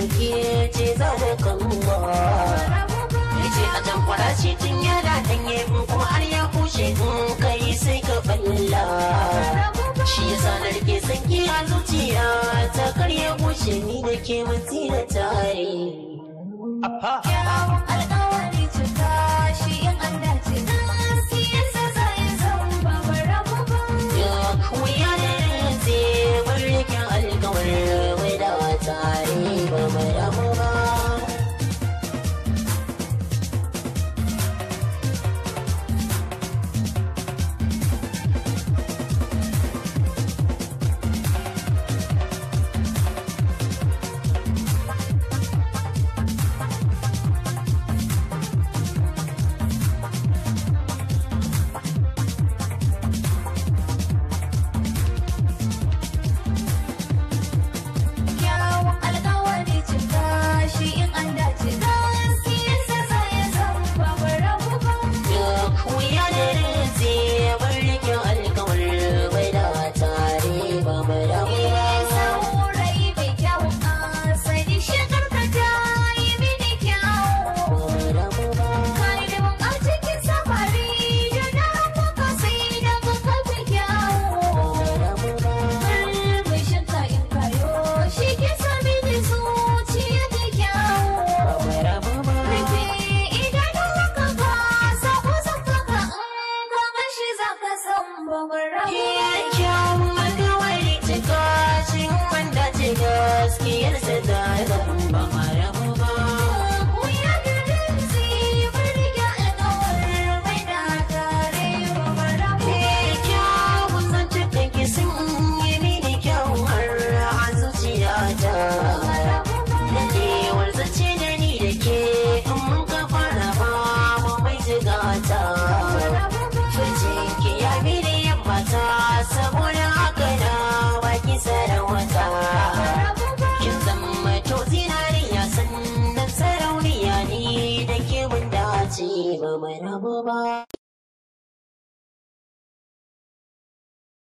so ke ce zaune kanuwa yace a can kwara ce da yara danye kuma har ya kushe in kai sai ka balla shi yasa na rike sanki a zuciya ta karya kushe ni da ke da tare bongo rambo. ba mu rabu ba